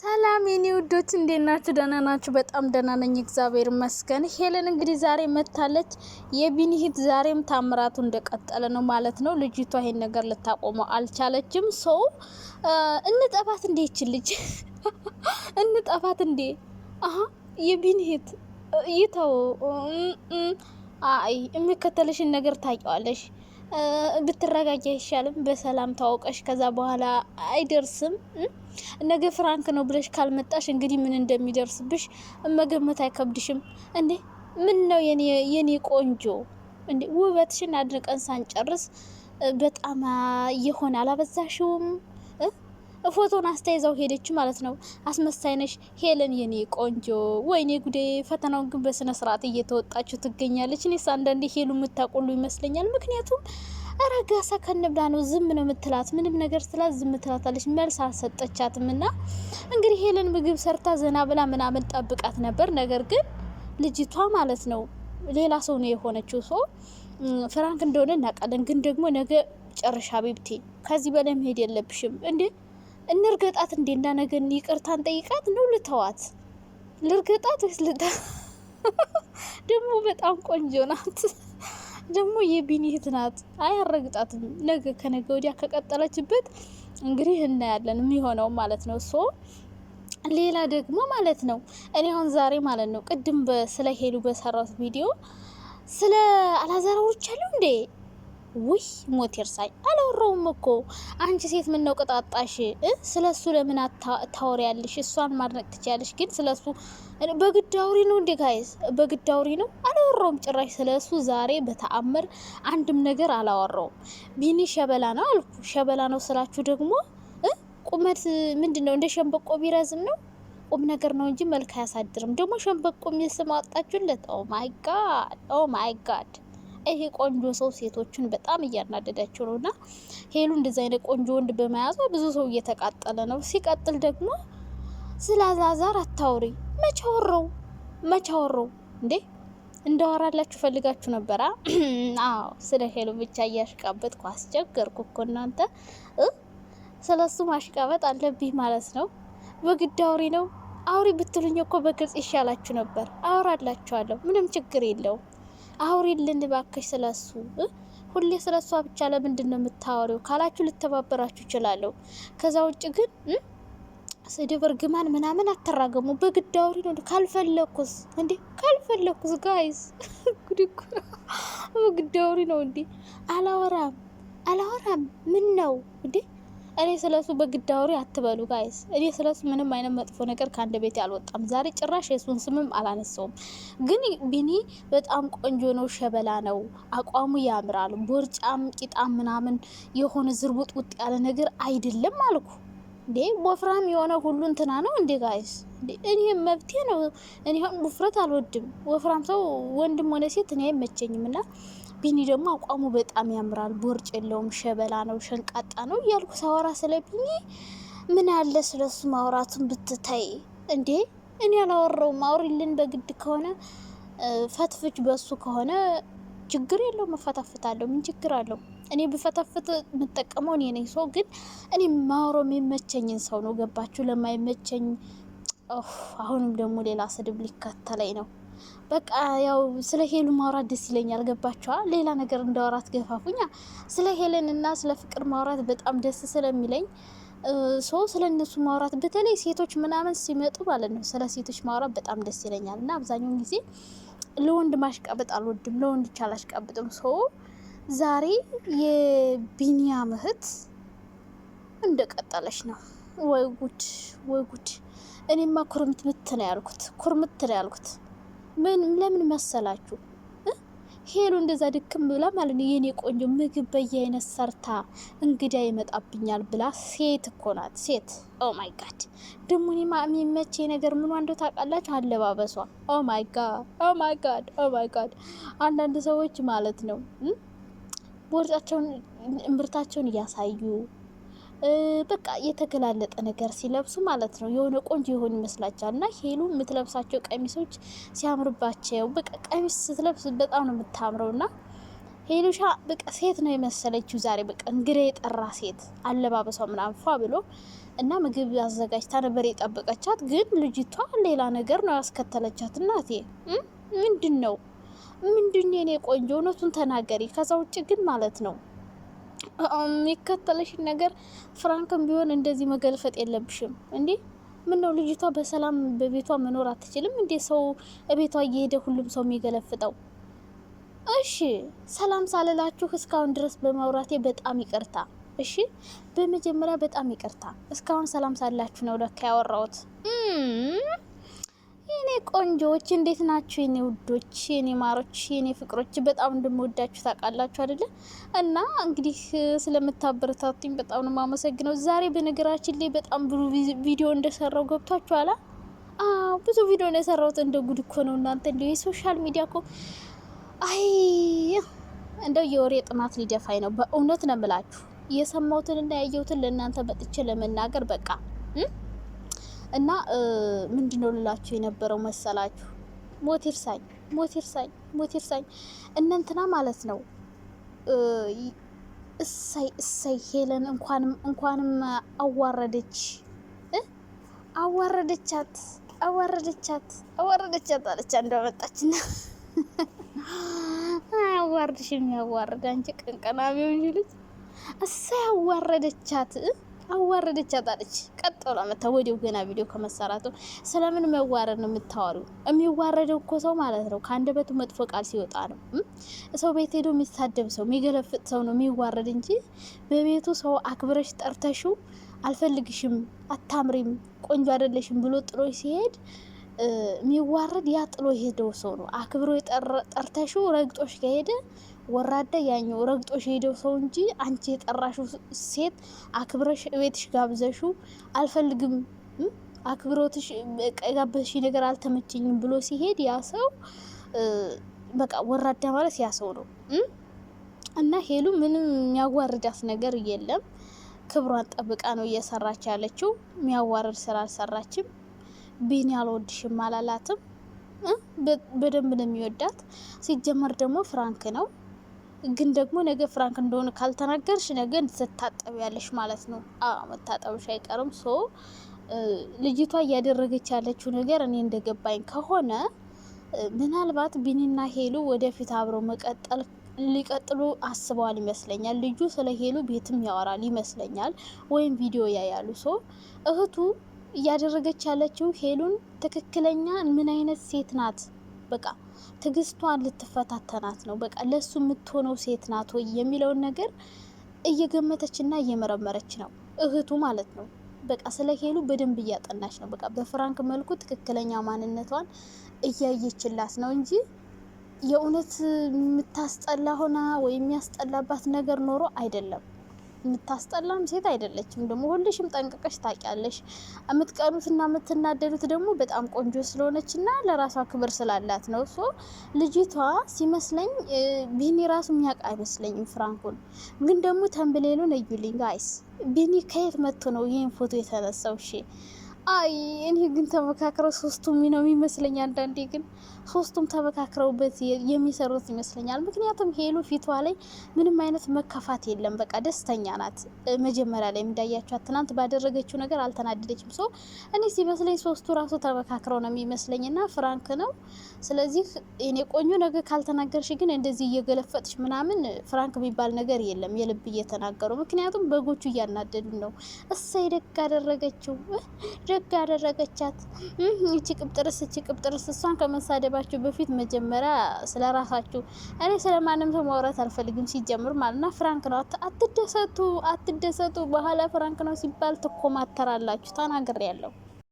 ሰላም የኔ ውዶች እንዴት ናችሁ? ደህና ናችሁ? በጣም ደህና ነኝ፣ እግዚአብሔር ይመስገን። ሄለን እንግዲህ ዛሬ መታለች። የቢኒ እህት ዛሬም ታምራቱ እንደቀጠለ ነው ማለት ነው። ልጅቷ ይሄን ነገር ልታቆመው አልቻለችም። ሰው እንጠፋት እንዴ? ይች ልጅ እንጠፋት እንዴ? አሀ የቢኒ እህት ይተው፣ አይ የሚከተልሽን ነገር ታውቂዋለሽ ብትረጋጊ አይሻልም? በሰላም ታወቀሽ ከዛ በኋላ አይደርስም። ነገ ፍራንክ ነው ብለሽ ካልመጣሽ እንግዲህ ምን እንደሚደርስብሽ መገመት አይከብድሽም እንዴ? ምን ነው የኔ ቆንጆ እንዴ? ውበትሽን አድንቀን ሳንጨርስ በጣም የሆነ አላበዛሽውም? ፎቶን አስተያይዛው ሄደች ማለት ነው። አስመሳይነሽ ሄለን የኔ ቆንጆ፣ ወይኔ ጉዴ! ፈተናውን ግን በስነ ስርዓት እየተወጣችው ትገኛለች። እኔስ አንዳንዴ ሄሉ የምታቆሉ ይመስለኛል። ምክንያቱም ረጋሳ ከንብላ ነው ዝም ነው የምትላት። ምንም ነገር ስላት ዝም ትላታለች። መልስ አልሰጠቻትም። እና እንግዲህ ሄለን ምግብ ሰርታ ዘና ብላ ምናምን ጠብቃት ነበር። ነገር ግን ልጅቷ ማለት ነው ሌላ ሰው ነው የሆነችው። ሰው ፍራንክ እንደሆነ እናውቃለን። ግን ደግሞ ነገ ጨርሻ ቤብቴ፣ ከዚህ በላይ መሄድ የለብሽም እንዴ እንርገጣት እንዴ? እንዳነገን ይቅርታን ጠይቃት ነው ልተዋት? ልርገጣት ወይስ ልታ ደግሞ በጣም ቆንጆ ናት። ደግሞ የቢኒ እህት ናት። አያረግጣትም። ነገ ከነገ ወዲያ ከቀጠለችበት እንግዲህ እናያለን የሚሆነው ማለት ነው። ሶ ሌላ ደግሞ ማለት ነው እኔ አሁን ዛሬ ማለት ነው ቅድም ስለ ሄሉ በሰራሁት ቪዲዮ ስለ አላዛራዎች አሉ እንዴ ውይ ሞት ይርሳኝ፣ አላወራውም እኮ አንቺ ሴት ምን ነው ቅጣጣሽ? ስለ እሱ ለምን ታወሪያለሽ? እሷን ማድነቅ ትችያለሽ፣ ግን ስለ እሱ በግድ አውሪ ነው እንዴ? ጋይስ በግድ አውሪ ነው። አላወራውም ጭራሽ ስለ እሱ ዛሬ በተአምር አንድም ነገር አላወራውም። ቢኒ ሸበላ ነው አልኩ። ሸበላ ነው ስላችሁ ደግሞ ቁመት ምንድን ነው? እንደ ሸንበቆ ቢረዝም ነው ቁም ነገር ነው እንጂ መልክ አያሳድርም። ደግሞ ሸንበቆ የሚል ስም አወጣችሁለት። ኦ ማይ ጋድ ኦ ማይ ጋድ ይሄ ቆንጆ ሰው ሴቶችን በጣም እያናደዳቸው ነው። እና ሄሉ እንደዚህ አይነት ቆንጆ ወንድ በመያዟ ብዙ ሰው እየተቃጠለ ነው። ሲቀጥል ደግሞ ስለ አዛዛር አታውሪ። መቻወረው መቻወረው እንዴ እንዳወራላችሁ ፈልጋችሁ ነበር። አዎ ስለ ሄሉ ብቻ እያሽቃበጥኩ አስቸገርኩ እኮ እናንተ። ስለ እሱ ማሽቃበጥ አለብኝ ማለት ነው። በግድ አውሪ ነው አውሪ ብትሉኝ እኮ በግልጽ ይሻላችሁ ነበር። አወራላችኋለሁ፣ ምንም ችግር የለውም። አውሪልን ባክሽ ስለሱ ሁሌ ስለ ስለሷ ብቻ ለምንድን ነው የምታወሪው ካላችሁ ልተባበራችሁ እችላለሁ። ከዛ ውጭ ግን ስድብ፣ እርግማን ምናምን አተራገሙ። በግድ አውሪ ነው ካልፈለኩስ እንዴ ካልፈለኩስ ጋይስ ጉድኩ በግድ አውሪ ነው እንዴ አላወራም አላወራም ምን ነው እንዴ እኔ ስለሱ በግድ አውሪ አትበሉ ጋይስ። እኔ ስለሱ ምንም አይነት መጥፎ ነገር ከአንድ ቤት አልወጣም። ዛሬ ጭራሽ የሱን ስምም አላነሳውም። ግን ቢኒ በጣም ቆንጆ ነው፣ ሸበላ ነው፣ አቋሙ ያምራል። ቦርጫም ቂጣም ምናምን የሆነ ዝርውጥውጥ ውጥ ያለ ነገር አይደለም አልኩ። እንዴ ወፍራም የሆነ ሁሉ እንትና ነው እንዴ ጋይስ? እኔ መብቴ ነው። እኔ ውፍረት አልወድም። ወፍራም ሰው ወንድም ሆነ ሴት እኔ አይመቸኝም እና ቢኒ ደግሞ አቋሙ በጣም ያምራል። ቦርጭ የለውም፣ ሸበላ ነው፣ ሸንቃጣ ነው እያልኩ ሳወራ ስለ ቢኒ ምን ያለ ስለ ስለሱ ማውራቱን ብትታይ እንዴ! እኔ አላወራውም። አውሪልን በግድ ከሆነ ፈትፍች በሱ ከሆነ ችግር የለው፣ መፈታፍታለሁ። ምን ችግር አለው? እኔ ብፈታፍት የምጠቀመው እኔ ነኝ። ሰው ግን እኔ ማውራው የሚመቸኝን ሰው ነው። ገባችሁ? ለማይመቸኝ አሁንም ደግሞ ሌላ ስድብ ሊከተለኝ ነው። በቃ ያው ስለ ሄሉ ማውራት ደስ ይለኛል። ገባችኋ? ሌላ ነገር እንዳወራት ገፋፉኛ። ስለ ሄለን እና ስለ ፍቅር ማውራት በጣም ደስ ስለሚለኝ ሰው ስለ እነሱ ማውራት በተለይ ሴቶች ምናምን ሲመጡ ማለት ነው ስለ ሴቶች ማውራት በጣም ደስ ይለኛል። እና አብዛኛውን ጊዜ ለወንድ ማሽቃበጥ አልወድም፣ ለወንድ ብቻ አሽቃበጥም። ሰው ዛሬ የቢኒያም እህት እንደቀጠለች ነው። ወይ ጉድ፣ ወይ ጉድ! እኔማ ኩርምት ምት ነው ያልኩት፣ ኩርምት ነው ያልኩት። ምን ለምን መሰላችሁ ሄሎ እንደዛ ድክም ብላ ማለት ነው የኔ ቆንጆ ምግብ በየአይነት ሰርታ እንግዳ ይመጣብኛል ብላ ሴት እኮ ናት ሴት። ኦ ማይ ጋድ ደግሞ እኔማ የሚመቼ ነገር ምኗ እንደው ታውቃላችሁ? አለባበሷ። ኦ ማይ ጋድ፣ ኦ ማይ ጋድ፣ ኦ ማይ ጋድ። አንዳንድ ሰዎች ማለት ነው ቦርጫቸውን እምብርታቸውን እያሳዩ በቃ የተገላለጠ ነገር ሲለብሱ ማለት ነው የሆነ ቆንጆ የሆን ይመስላቸዋል። እና ሄሉ የምትለብሳቸው ቀሚሶች ሲያምርባቸው በቃ ቀሚስ ስትለብስ በጣም ነው የምታምረው እና ሄሉሻ በቃ ሴት ነው የመሰለችው ዛሬ በቃ እንግዳ የጠራ ሴት አለባበሷ ምናምን ፏ ብሎ እና ምግብ አዘጋጅታ ነበር የጠበቀቻት። ግን ልጅቷ ሌላ ነገር ነው ያስከተለቻት። እናቴ ምንድን ነው ምንድን የኔ ቆንጆ እውነቱን ተናገሪ። ከዛ ውጭ ግን ማለት ነው የሚከተለሽን ነገር ፍራንክም ቢሆን እንደዚህ መገልፈጥ የለብሽም እንዴ! ምን ነው ልጅቷ በሰላም በቤቷ መኖር አትችልም እንዴ? ሰው ቤቷ እየሄደ ሁሉም ሰው የሚገለፍጠው። እሺ ሰላም ሳልላችሁ እስካሁን ድረስ በማውራቴ በጣም ይቅርታ። እሺ በመጀመሪያ በጣም ይቅርታ። እስካሁን ሰላም ሳልላችሁ ነው ለካ ያወራሁት። የኔ ቆንጆዎች እንዴት ናችሁ? የኔ ውዶች፣ የኔ ማሮች፣ የኔ ፍቅሮች በጣም እንደምወዳችሁ ታውቃላችሁ አይደለ? እና እንግዲህ ስለምታበረታቱኝ በጣም ነው የማመሰግነው። ዛሬ በነገራችን ላይ በጣም ብዙ ቪዲዮ እንደሰራው ገብቷችሁ አላ ብዙ ቪዲዮ ነው የሰራሁት። እንደ ጉድ እኮ ነው እናንተ እንደ የሶሻል ሚዲያ እኮ አይ እንደው የወሬ ጥማት ሊደፋኝ ነው። በእውነት ነው የምላችሁ የሰማሁትንና ያየሁትን ለእናንተ መጥቼ ለመናገር በቃ እና ምንድነው ልላችሁ የነበረው መሰላችሁ ሞት ይርሳኝ፣ ሞት ይርሳኝ፣ ሞት ይርሳኝ እነንትና ማለት ነው እሰይ እሰይ ሄለን እንኳንም እንኳንም አዋረደች አዋረደቻት አዋረደቻት አዋረደቻት አለች። እንደመጣችና አዋርድሽ የሚያዋርድ አንቺ ቀንቀናቢ ልጅ እሰይ አዋረደቻት አዋረደች አጣለች። ቀጥ ብላ መታ ወዲው ገና ቪዲዮ ከመሰራቱ ስለምን መዋረድ ነው የምታወሩ? የሚዋረደው እኮ ሰው ማለት ነው ከአንደበቱ መጥፎ ቃል ሲወጣ ነው። ሰው ቤት ሄዶ የሚሳደብ ሰው የሚገለፍጥ ሰው ነው የሚዋረድ እንጂ በቤቱ ሰው አክብረሽ ጠርተሽው አልፈልግሽም፣ አታምሪም፣ ቆንጆ አይደለሽም ብሎ ጥሎሽ ሲሄድ የሚዋረድ ያ ጥሎ የሄደው ሰው ነው። አክብሮ ጠርተሽው ረግጦሽ ከሄደ ወራዳ ያኛው ረግጦሽ የሄደው ሰው እንጂ አንቺ የጠራሽው ሴት አክብረሽ እቤትሽ ጋብዘሽው አልፈልግም አክብሮትሽ ቀጋበሽ ነገር አልተመቸኝም ብሎ ሲሄድ ያ ሰው በቃ ወራዳ ማለት ያ ሰው ነው። እና ሄሉ ምንም የሚያዋርዳት ነገር የለም። ክብሯን ጠብቃ ነው እየሰራች ያለችው። የሚያዋርድ ስራ አልሰራችም። ቢኒ አልወድሽም አላላትም። በደንብ ነው የሚወዳት። ሲጀመር ደግሞ ፍራንክ ነው። ግን ደግሞ ነገ ፍራንክ እንደሆነ ካልተናገርሽ ነገ ስትታጠቢ ያለሽ ማለት ነው። መታጠብሽ አይቀርም። ሶ ልጅቷ እያደረገች ያለችው ነገር እኔ እንደገባኝ ከሆነ ምናልባት ቢኒና ሄሉ ወደፊት አብረው መቀጠል ሊቀጥሉ አስበዋል ይመስለኛል። ልጁ ስለ ሄሉ ቤትም ያወራል ይመስለኛል፣ ወይም ቪዲዮ ያያሉ። ሶ እህቱ እያደረገች ያለችው ሄሉን ትክክለኛ ምን አይነት ሴት ናት? በቃ ትግስቷን ልትፈታተናት ነው። በቃ ለሱ የምትሆነው ሴት ናት ወይ የሚለውን ነገር እየገመተችና እየመረመረች ነው፣ እህቱ ማለት ነው። በቃ ስለ ሄሉ በደንብ እያጠናች ነው። በቃ በፍራንክ መልኩ ትክክለኛ ማንነቷን እያየችላት ነው እንጂ የእውነት የምታስጠላ ሆና ወይም የሚያስጠላባት ነገር ኖሮ አይደለም። የምታስጠላም ሴት አይደለችም። ደግሞ ሁልሽም ጠንቅቀሽ ታውቂያለሽ። የምትቀኑትና የምትናደዱት ደግሞ በጣም ቆንጆ ስለሆነች እና ለራሷ ክብር ስላላት ነው። ሶ ልጅቷ ሲመስለኝ ቢኒ ራሱ የሚያውቅ አይመስለኝም። ፍራንኩን ግን ደግሞ ተንብሌሉን እዩልኝ ጋይስ። ቢኒ ከየት መጥቶ ነው ይህን ፎቶ የተነሳው? እሺ አይ እኔ ግን ተመካክረው ሶስቱ ነው የሚመስለኝ አንዳንዴ ግን ሶስቱም ተመካክረውበት የሚሰሩት ይመስለኛል። ምክንያቱም ሄሉ ፊቷ ላይ ምንም አይነት መከፋት የለም። በቃ ደስተኛ ናት። መጀመሪያ ላይ እንዳያችኋት ትናንት ባደረገችው ነገር አልተናደደችም። ሶ እኔ ሲመስለኝ ሶስቱ ራሱ ተመካክረው ነው የሚመስለኝና ፍራንክ ነው። ስለዚህ እኔ ቆንጆ ነገር ካልተናገርሽ ግን እንደዚህ እየገለፈጥሽ ምናምን ፍራንክ የሚባል ነገር የለም። የልብ እየተናገሩ ምክንያቱም በጎቹ እያናደዱ ነው። እሰይ ደግ አደረገችው፣ ደግ አደረገቻት። እቺ ቅብጥርስ፣ እቺ ቅብጥርስ እሷን ከመሳደባ ከመውራታችሁ በፊት መጀመሪያ ስለ ራሳችሁ። እኔ ስለማንም ሰው ማውራት አልፈልግም ሲጀምር ማለት ነው። ፍራንክ ነው፣ አትደሰቱ፣ አትደሰቱ። በኋላ ፍራንክ ነው ሲባል ትኮማተራላችሁ። ተናግሬ ያለው